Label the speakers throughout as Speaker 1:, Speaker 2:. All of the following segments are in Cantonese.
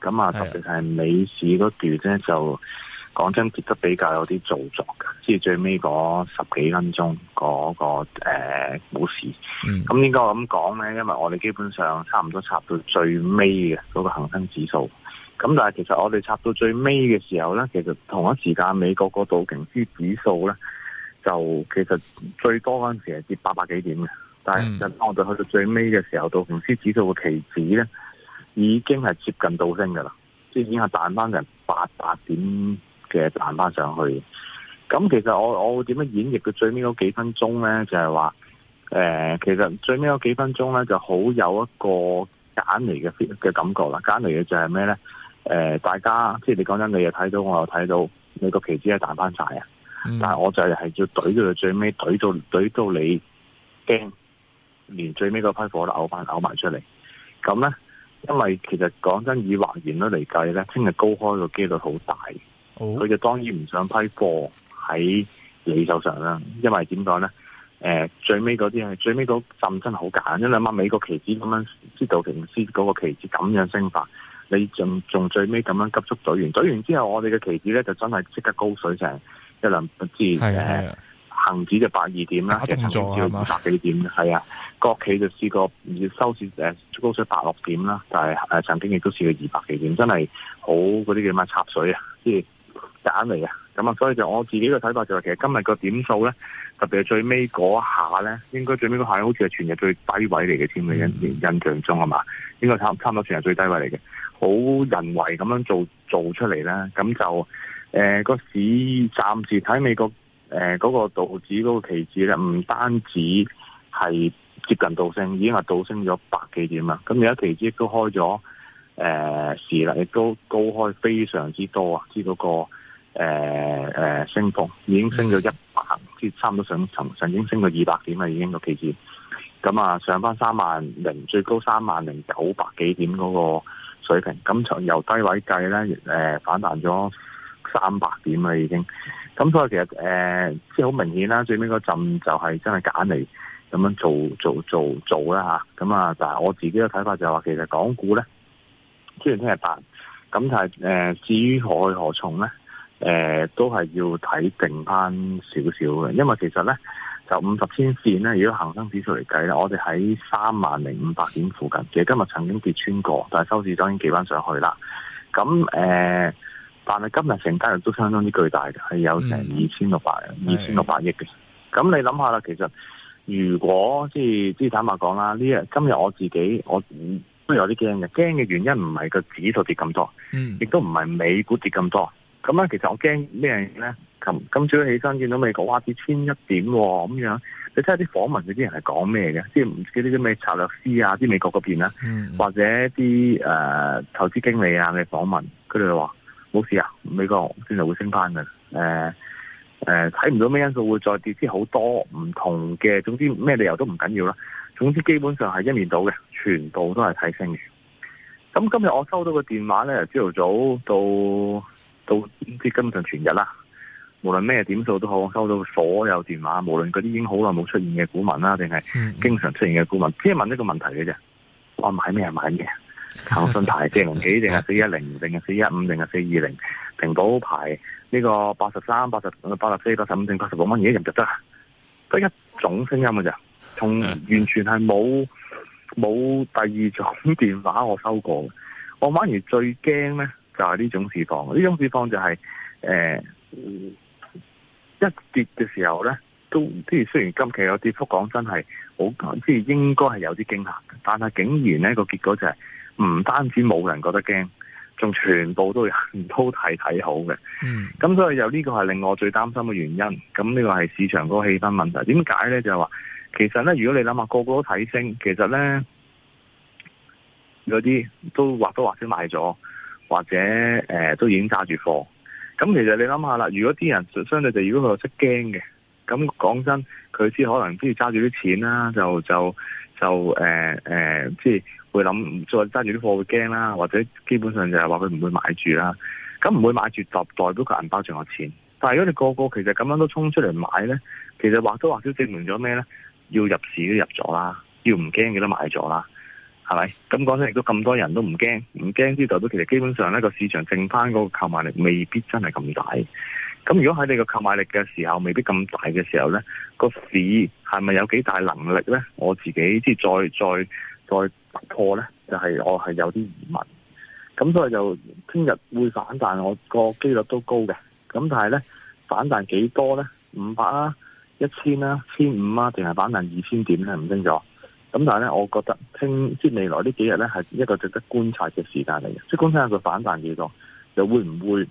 Speaker 1: 咁啊，特別係美市嗰段咧，就講真跌得比較有啲造作嘅，至最尾嗰十幾分鐘嗰、嗰個、呃、股市。咁、嗯、應該我咁講咧？因為我哋基本上差唔多插到最尾嘅嗰個恆生指數。咁但係其實我哋插到最尾嘅時候咧，其實同一時間美國嗰道瓊斯指數咧，就其實最多嗰陣時係跌八百幾點嘅。但係當我哋去到最尾嘅時候，道瓊斯指數嘅期指咧。已經係接近倒升噶啦，即係已經係彈翻成八八點嘅彈翻上去。咁其實我我點樣演繹佢最尾嗰幾分鐘咧？就係話誒，其實最尾嗰幾分鐘咧就好有一個減嚟嘅嘅感覺啦。減嚟嘅就係咩咧？誒、呃，大家即係你講真，你又睇到，我又睇到，你個期指係彈翻晒啊！但係我就係要懟到最尾，懟到懟到你驚，連最尾嗰批貨都嘔翻嘔埋出嚟，咁咧。因為其實講真，以畫原率嚟計咧，聽日高開個機率好大，佢就當然唔想批貨喺你手上啦。因為點講咧？誒、呃，最尾嗰啲係最尾嗰陣真係好簡單，因為乜美國期指咁樣知道停，跌嗰個期指咁樣升法，你仲仲最尾咁樣急速咗完，咗完之後我哋嘅期指咧就真係即刻高水成一兩百點。恒指就百二點啦，即係曾經百幾點，係啊！國企就試過要收市誒高出百六點啦，但係誒、呃、曾經亦都試過二百幾點，真係好嗰啲叫咩插水啊，即係假嚟啊！咁啊，所以就我自己嘅睇法就係、是，其實今日個點數咧，特別係最尾嗰下咧，應該最尾嗰下好似係全日最低位嚟嘅添，你印印象中啊嘛？應該差差唔多全日最低位嚟嘅，好人為咁樣做做出嚟啦。咁就誒、呃那個市暫時睇美國。誒、呃，嗰、那個道指嗰、那個期指咧，唔單止係接近倒升，已經係倒升咗百幾點啦。咁而家期指亦都開咗誒市啦，亦都高開非常之多啊，即係嗰個誒誒、呃呃、升幅已經升咗一百即係差唔多上層，已經升到二百點啦，已經個期指。咁啊，上返三萬零，最高三萬零九百幾點嗰個水平。咁由低位計咧，誒、呃、反彈咗三百點啦，已經。咁、嗯、所以其實誒，即係好明顯啦，最尾嗰陣就係真係揀嚟咁樣做做做做啦吓。咁啊，但係我自己嘅睇法就係、是、話，其實港股咧雖然聽日彈咁，但係誒、呃，至於何去何從咧，誒、呃、都係要睇定番少少嘅。因為其實咧，就五十天線咧，如果恆生指數嚟計咧，我哋喺三萬零五百點附近，其實今日曾經跌穿過，但係收市當然企翻上去啦。咁、嗯、誒。呃但係今日成交量都相當之巨大嘅，係有成二千六百二千六百億嘅。咁你諗下啦，其實如果即係坦白講啦，呢日今日我自己我都有啲驚嘅，驚嘅原因唔係個指數跌咁多，亦都唔係美股跌咁多。咁咧，其實我驚咩咧？琴今朝起身見到美國哇跌千一點喎，咁樣你睇下啲訪問嗰啲人係講咩嘅？即係唔知啲啲咩策略師啊，啲美國嗰邊啦、嗯，或者啲誒、呃、投資經理啊嘅訪問，佢哋話，冇事啊，美國先係會升翻嘅，誒誒睇唔到咩因素會再跌，之好多唔同嘅，總之咩理由都唔緊要啦。總之基本上係一年到嘅，全部都係睇升嘅。咁今日我收到個電話咧，朝頭早到到唔知基本上全日啦，無論咩點數都好，我收到所有電話，無論嗰啲已經好耐冇出現嘅股民啦，定係經常出現嘅股民，只係問一個問題嘅啫，我買咩啊買咩？騰訊牌，四零幾定係四一零定係四一五定係四二零，平保牌呢個八十三八十八十四八十五定八十六蚊嘢，入就得啦。得一種聲音嘅咋，從完全係冇冇第二種電話我收過。我反而最驚咧，就係呢種市況，呢種市況就係、是、誒、呃、一跌嘅時候咧，都即係雖然今期有跌幅真，講真係好即係應該係有啲驚吓，但係竟然咧個結果就係、是。唔單止冇人覺得驚，仲全部都有都睇睇好嘅。咁、嗯、所以就呢個係令我最擔心嘅原因。咁呢個係市場個氣氛問題。點解咧？就係、是、話，其實咧，如果你諗下個,個個都睇升，其實咧嗰啲都或多或少賣咗，或者誒、呃、都已經揸住貨。咁其實你諗下啦，如果啲人相對就如果佢識驚嘅，咁講真，佢只可能即係揸住啲錢啦，就就就誒誒，即、呃、係。呃會諗再揸住啲貨會驚啦，或者基本上就係話佢唔會買住啦。咁唔會買住就代表個銀包仲有錢。但係如果你個個其實咁樣都衝出嚟買咧，其實或多或少證明咗咩咧？要入市都入咗啦，要唔驚嘅都買咗啦，係咪？咁講咧，亦都咁多人都唔驚，唔驚之代表其實基本上咧個市場剩翻嗰個購買力未必真係咁大。咁如果喺你個購買力嘅時候未必咁大嘅時候咧，個市係咪有幾大能力咧？我自己即係再再再。再再突破咧，就係、是、我係有啲疑問，咁所以就聽日會反彈，我個幾率都高嘅。咁但係咧，反彈幾多咧？五百啊，一千啦，千五啊，定係、啊、反彈二千點咧？唔清楚。咁但係咧，我覺得聽即係 未來幾呢幾日咧，係一個值得觀察嘅時間嚟嘅，即係觀察下佢反彈幾多，又會唔會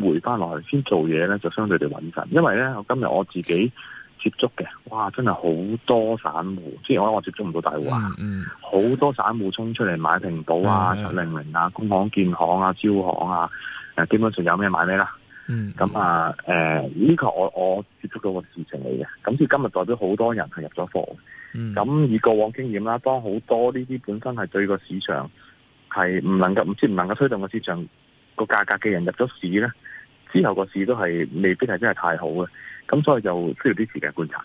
Speaker 1: 回翻落去先做嘢咧？就相對地穩陣，因為咧，我今日我自己。接觸嘅，哇，真係好多散戶，即係我話接觸唔、嗯嗯、到大戶、嗯、啊，好多散戶衝出嚟買平保啊、七零零啊、工行、建行啊、招行啊，誒，基本上有咩買咩啦。咁、嗯、啊，誒、嗯，呢、啊、個、呃、我我接觸到個事情嚟嘅，咁至今日代表好多人係入咗貨。咁、嗯、以過往經驗啦，當好多呢啲本身係對個市場係唔能夠，唔知唔能夠推動個市場個價格嘅人入咗市咧，之後個市都係未必係真係太好嘅。咁所以就需要啲時間觀察。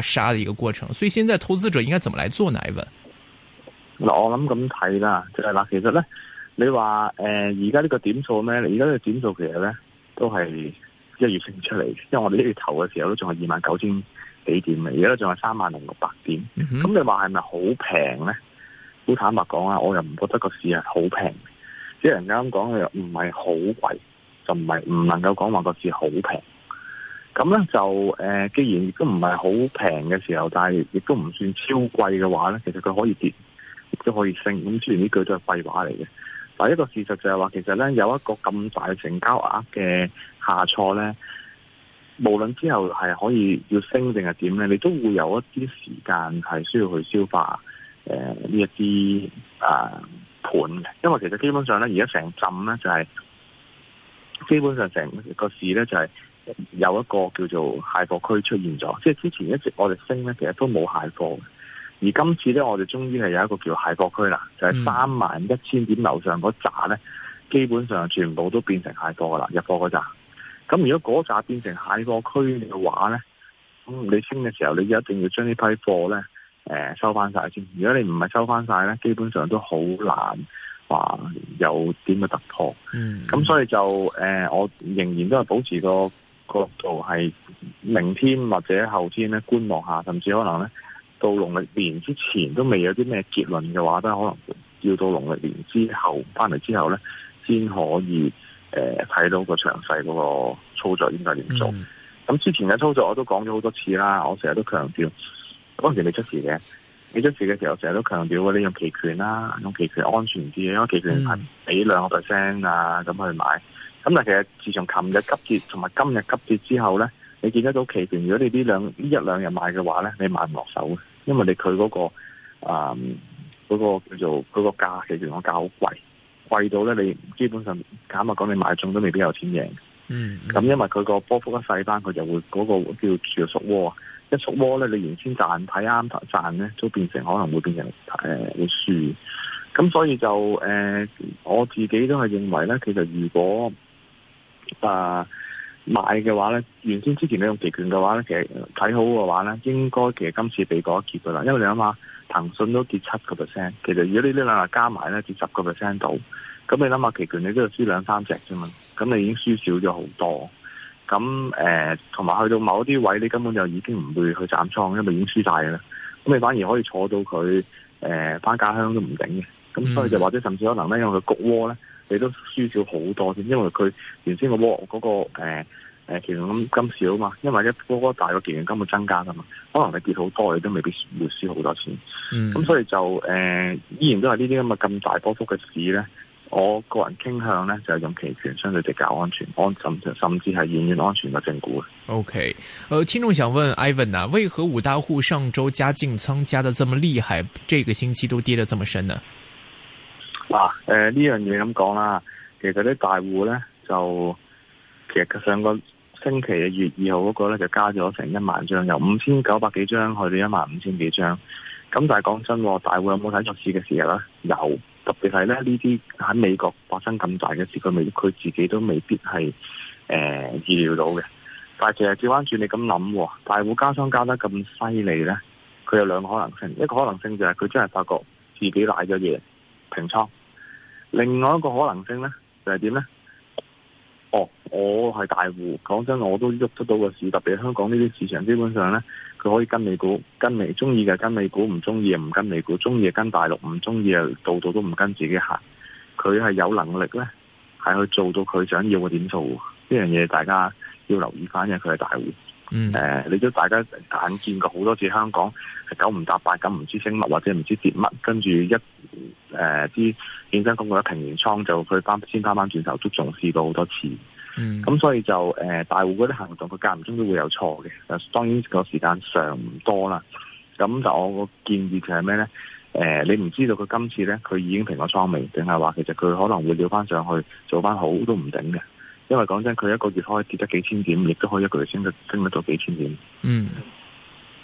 Speaker 2: 殺嘅一個過程，所以現在投資者應該怎麼來做呢？一文
Speaker 1: 嗱，我諗咁睇啦，就係、是、嗱，其實咧，你話誒，而家呢個點數咩？而家呢個點數其實咧，都係一月升出嚟，因為我哋一月投嘅時候都仲係二萬九千幾點嘅，而家都仲係三萬零六百點，咁、嗯、你話係咪好平咧？好坦白講啊，我又唔覺得個市係好平，即係人家咁講佢又唔係好貴，就唔係唔能夠講話個市好平。嗯咁咧就誒、呃，既然亦都唔係好平嘅時候，但係亦都唔算超貴嘅話咧，其實佢可以跌，亦都可以升。咁雖然呢句都係廢話嚟嘅，但係一個事實就係話，其實咧有一個咁大嘅成交額嘅下挫咧，無論之後係可以要升定係點咧，你都會有一啲時間係需要去消化誒呢、呃、一啲啊、呃、盤嘅。因為其實基本上咧，而家成浸咧就係、是、基本上成個市咧就係、是。有一個叫做蟹貨區出現咗，即係之前一直我哋升咧，其實都冇蟹貨嘅，而今次咧我哋終於係有一個叫蟹貨區啦，就係、是、三萬一千點樓上嗰紮咧，基本上全部都變成蟹貨噶啦，入貨嗰扎。咁如果嗰紮變成蟹貨區嘅話咧，咁你升嘅時候，你一定要將呢批貨咧，誒、呃、收翻晒先。如果你唔係收翻晒咧，基本上都好難話有點嘅突破。嗯，咁所以就誒、呃，我仍然都係保持個。嗰度係明天或者後天咧，觀望下，甚至可能咧到農曆年之前都未有啲咩結論嘅話，都可能要到農曆年之後翻嚟之後咧，先可以誒睇、呃、到個詳細嗰個操作應該點做。咁、mm. 之前嘅操作我都講咗好多次啦，我成日都強調，嗰陣時你出事嘅，你出事嘅時候成日都強調，我你用期權啦、啊，用期權安全啲，因為期權係俾兩個 percent 啊咁去買。咁但其實自從琴日急跌同埋今日急跌之後咧，你見得到期權，如果你呢兩呢一兩日買嘅話咧，你買唔落手嘅，因為你佢嗰、那個啊嗰、嗯那個叫做嗰、那個價嘅現行價好貴，貴到咧你基本上，坦白講你買中都未必有錢贏。嗯，咁、嗯、因為佢個波幅一細翻，佢就會嗰、那個叫做縮窩，一縮窩咧，你原先賺睇啱賺咧，都變成可能會變成、呃、會輸。咁所以就、呃、我自己都係認為咧，其實如果誒、uh，買嘅話咧，原先之前你用期權嘅話咧，其實睇好嘅話咧，應該其實今次避過一劫噶啦。因為你諗下，騰訊都跌七個 percent，其實如果你這兩加呢兩日加埋咧跌十個 percent 到，咁你諗下期權你都要輸兩三隻啫嘛，咁你已經輸少咗好多。咁誒、同、呃、埋去到某啲位置，你根本就已經唔會去斬倉，因為已經輸晒嘅啦。咁你反而可以坐到佢誒翻家鄉都唔頂嘅。咁所以就或者甚至可能咧，因為佢焗鍋咧。你都輸少好多先，因為佢原先、那個波嗰個期誒，期權金咁少啊嘛，因為一波波大個期權金會增加噶嘛，可能你跌好多，你都未必會輸好多錢。
Speaker 3: 咁、嗯嗯、所
Speaker 1: 以就誒、呃，依然都係呢啲咁嘅咁大波幅嘅市咧，我個人傾向咧就用期權，相對嚟講比較安全，安甚甚至係遠遠安全嘅正股。
Speaker 2: OK，呃，聽眾想問 Ivan 啊，為何五大戶上周加淨倉加得這麼厲害，這個星期都跌得這麼深呢？
Speaker 1: 嗱、啊，誒呢樣嘢咁講啦，其實啲大戶咧就其實上個星期嘅月二號嗰個咧就加咗成一萬張，由五千九百幾張去到一萬五千幾張。咁但係講真，大戶有冇睇作市嘅時候咧？有，特別係咧呢啲喺美國發生咁大嘅事，佢未佢自己都未必係誒意料到嘅。但係其實照翻轉你咁諗、哦，大戶加倉加得咁犀利咧，佢有兩個可能性，一個可能性就係佢真係發覺自己賴咗嘢平倉。另外一個可能性呢，就係點呢？哦，我係大戶，講真，我都喐得到個市場，特別香港呢啲市場，基本上呢，佢可以跟美股，跟你中意嘅，跟美股，唔中意啊，唔跟美股，中意跟大陸，唔中意啊，度度都唔跟自己行。佢係有能力呢，係去做到佢想要嘅點做的，呢樣嘢，大家要留意返嘅，佢係大戶。嗯，誒，你都大家眼見過好多次香港係九唔搭八咁，唔知升乜或者唔知跌乜，跟住一誒啲券商講佢一平完倉就佢翻先翻翻轉頭都重試過好多次，咁、呃 mm -hmm. 嗯、所以就誒、呃、大戶嗰啲行動佢間唔中都會有錯嘅，當然個時間上唔多啦。咁就我個建議就係咩咧？誒、呃，你唔知道佢今次咧，佢已經平咗倉未，定係話其實佢可能會撩翻上去做翻好都唔頂嘅。因為講真，佢一個月可以跌得幾千點，亦都可以一個月升得升得到幾千
Speaker 2: 點。嗯，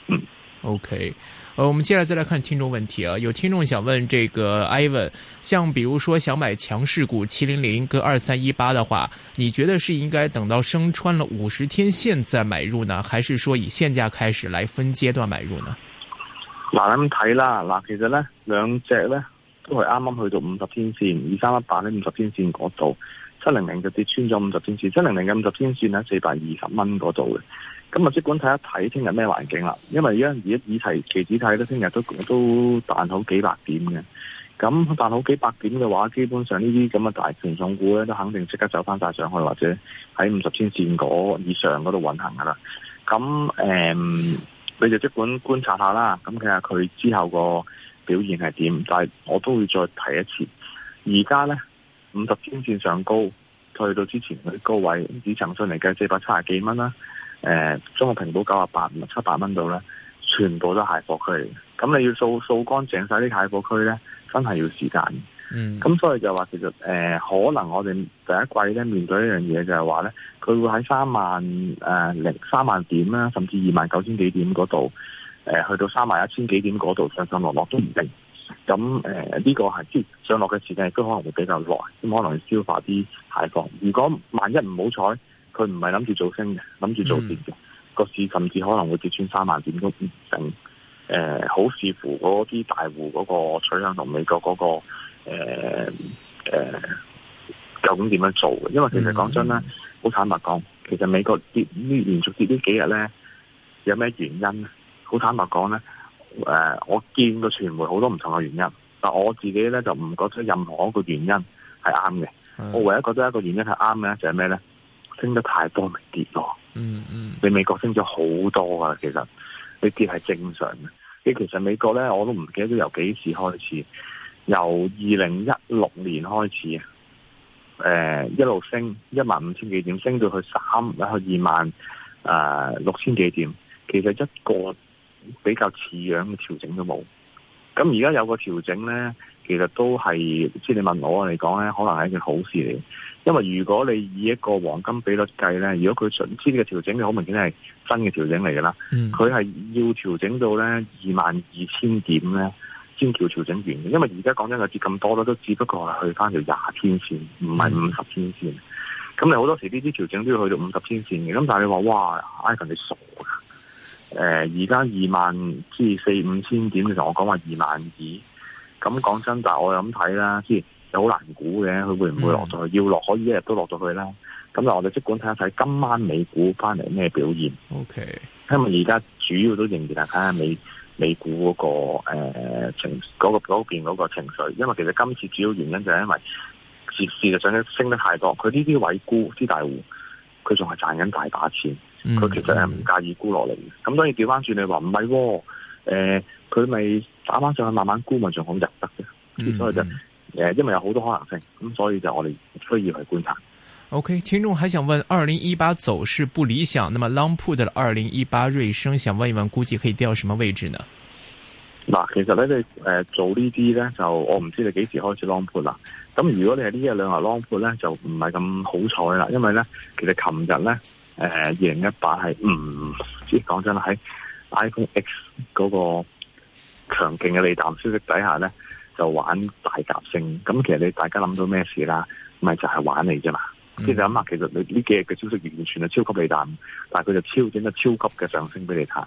Speaker 3: 嗯
Speaker 2: ，OK、啊。好，我們接下來再來看聽眾問題啊。有聽眾想問，這個 Ivan，像比如說想買強勢股七零零跟二三一八的話，你覺得是應該等到升穿了五十天線再買入呢，還是說以現價開始來分階段買入呢？
Speaker 1: 嗱，咁睇啦。嗱，其實呢兩隻呢都係啱啱去到五十天線，二三一八呢五十天線嗰度。七零零就跌穿咗五十天線，七零零嘅五十天線喺四百二十蚊嗰度嘅，咁啊即管睇一睇聽日咩環境啦，因為而家以以期指睇咧，聽日都都彈好幾百點嘅，咁彈好幾百點嘅話，基本上呢啲咁嘅大權重股咧都肯定即刻走翻晒上去，或者喺五十天線嗰以上嗰度運行噶啦，咁誒、嗯，你就即管觀察下啦，咁睇下佢之後個表現係點，但係我都會再睇一次，而家咧。五十天線上高，去到之前嗰啲高位，以騰訊嚟計四百七廿幾蚊啦，誒，中國平保九廿八、七百蚊度呢，全部都係貨區嚟嘅。咁你要掃掃乾淨晒啲太貨區咧，真係要時間。嗯，咁所以就話其實，呃、可能我哋第一季咧面對一樣嘢就係話咧，佢會喺三萬誒零三萬點啦，甚至二萬九千幾點嗰度，呃，去到三萬一千幾點嗰度，上上落落都唔定。嗯咁誒，呢、呃這個係即上落嘅時間，亦都可能會比較耐，咁可能消化啲排放。如果萬一唔好彩，佢唔係諗住做升嘅，諗住做跌嘅，嗯這個市甚至可能會跌穿三萬點咁等。誒、呃，好視乎嗰啲大戶嗰個取向同美國嗰、那個誒誒、呃呃、究竟點樣做嘅？因為其實講真咧，好、嗯、坦白講，其實美國跌呢連續跌呢幾日咧，有咩原因咧？好坦白講咧。誒、呃，我見個傳媒好多唔同嘅原因，但我自己咧就唔覺得任何一個原因係啱嘅。Mm. 我唯一覺得一個原因係啱嘅就係咩咧？升得太多咪跌咯。嗯嗯，你美國升咗好多㗎、啊。其實你跌係正常嘅。你其實美國咧，我都唔記得由幾時開始，由二零一六年開始，誒、呃、一路升一萬五千幾點，升到去三去二萬誒六千幾點，其實一個，比較似樣嘅調整都冇，咁而家有個調整咧，其實都係即係你問我嚟講咧，可能係一件好事嚟。因為如果你以一個黃金比率計咧，如果佢純知呢個調整嘅好明顯係新嘅調整嚟噶啦，佢、嗯、係要調整到咧，二萬二千點咧，先叫調整完。因為而家講緊個跌咁多啦，都只不過係去翻條廿天線，唔係五十天線。咁你好多時呢啲調整都要去到五十天線嘅，咁但係你話哇 i p 你傻噶？誒、呃，而家二萬至四五千點你同我講話二萬二。咁講真，但係我又咁睇啦，即係又好難估嘅，佢會唔會落咗去？嗯、要落可以一日都落咗去啦。咁但我哋即管睇一睇今晚美股翻嚟咩表現。O、okay. K，因為而家主要都仍然係睇下美美股嗰、那個誒、呃、情，嗰、那個邊嗰個情緒。因為其實今次主要原因就係因為市事實上升得太多，佢呢啲委沽啲大戶，佢仲係賺緊大把錢。佢其實係唔介意沽落嚟嘅，咁當然調翻轉你話唔係喎，誒佢咪打翻上去慢慢沽咪仲好入得嘅，所以就誒因為有好多可能性，咁所以就我哋需要去觀
Speaker 2: 察。OK，聽眾還想問，二零一八走勢不理想，那麼 Long Put 的二零一八瑞聲，想問一問，估計可以掉什麼位置呢？
Speaker 1: 嗱、呃，其實咧你誒做呢啲咧，就我唔知你幾時開始 Long Put 啦。咁如果你係呢一兩日 Long Put 咧，就唔係咁好彩啦，因為咧其實琴日咧。誒、呃，二零一八係唔即講真啦，喺 iPhone X 嗰個強勁嘅利淡消息底下咧，就玩大夾升。咁其實你大家諗到咩事啦？咪就係、是、玩你啫嘛。即係諗下，其實你呢幾日嘅消息完全係超級利淡，但係佢就超整咗超級嘅上升俾你睇。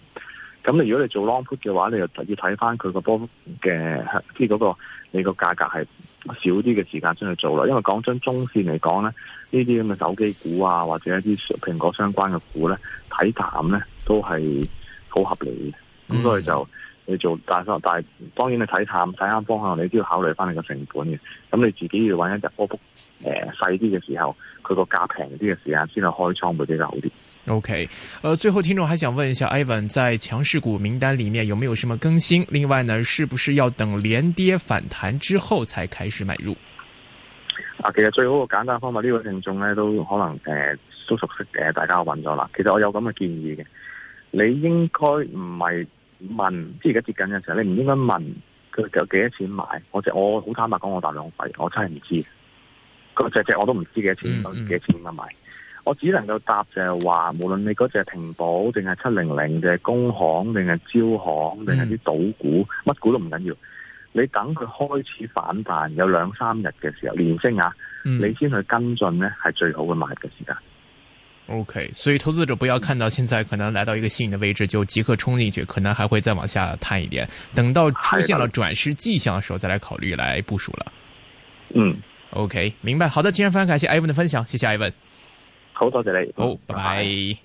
Speaker 1: 咁你如果你做 long put 嘅話，你就要睇翻佢個波嘅呢嗰個你個價格係。少啲嘅時間先去做啦，因為講真，中線嚟講咧，呢啲咁嘅手機股啊，或者一啲蘋果相關嘅股咧，睇淡咧都係好合理嘅，咁、嗯、所以就你做。但係但係，當然你睇淡睇啱方向，你都要考慮翻你個成本嘅。咁你自己要揾一日波幅誒細啲嘅時候，佢個價平啲嘅時間先去開倉會比較好啲。
Speaker 2: OK，誒、呃，最後聽眾還想問一下，Ivan 在強勢股名單裏面有沒有什麼更新？另外呢，是不是要等連跌反彈之後才開始買入？
Speaker 1: 啊，其實最好個簡單的方法，這個、眾呢個聽眾咧都可能誒、呃、都熟悉嘅，大家揾咗啦。其實我有咁嘅建議嘅，你應該唔係問，即係而家接近嘅時候，你唔應該問佢有幾多錢買。我即我好坦白講，我大量費，我真係唔知，個隻隻我都唔知幾多錢，幾、嗯嗯、多錢點樣買。我只能夠答就係話，無論你嗰隻平保定係七零零嘅工行定係招行定係啲賭股乜股都唔緊要緊，你等佢開始反彈有兩三日嘅時候，連升啊，你先去跟進呢係最好嘅買嘅時間。
Speaker 2: OK，所以投資者不要看到現在可能來到一個吸引嘅位置就即刻衝進去，可能還會再往下探一點，等到出現了轉勢跡象嘅時候，再來考慮來部署啦。
Speaker 1: 嗯
Speaker 2: ，OK，明白。好的，今日分享，感謝艾文嘅分享，謝謝艾文。好多謝你，好，拜拜。拜拜。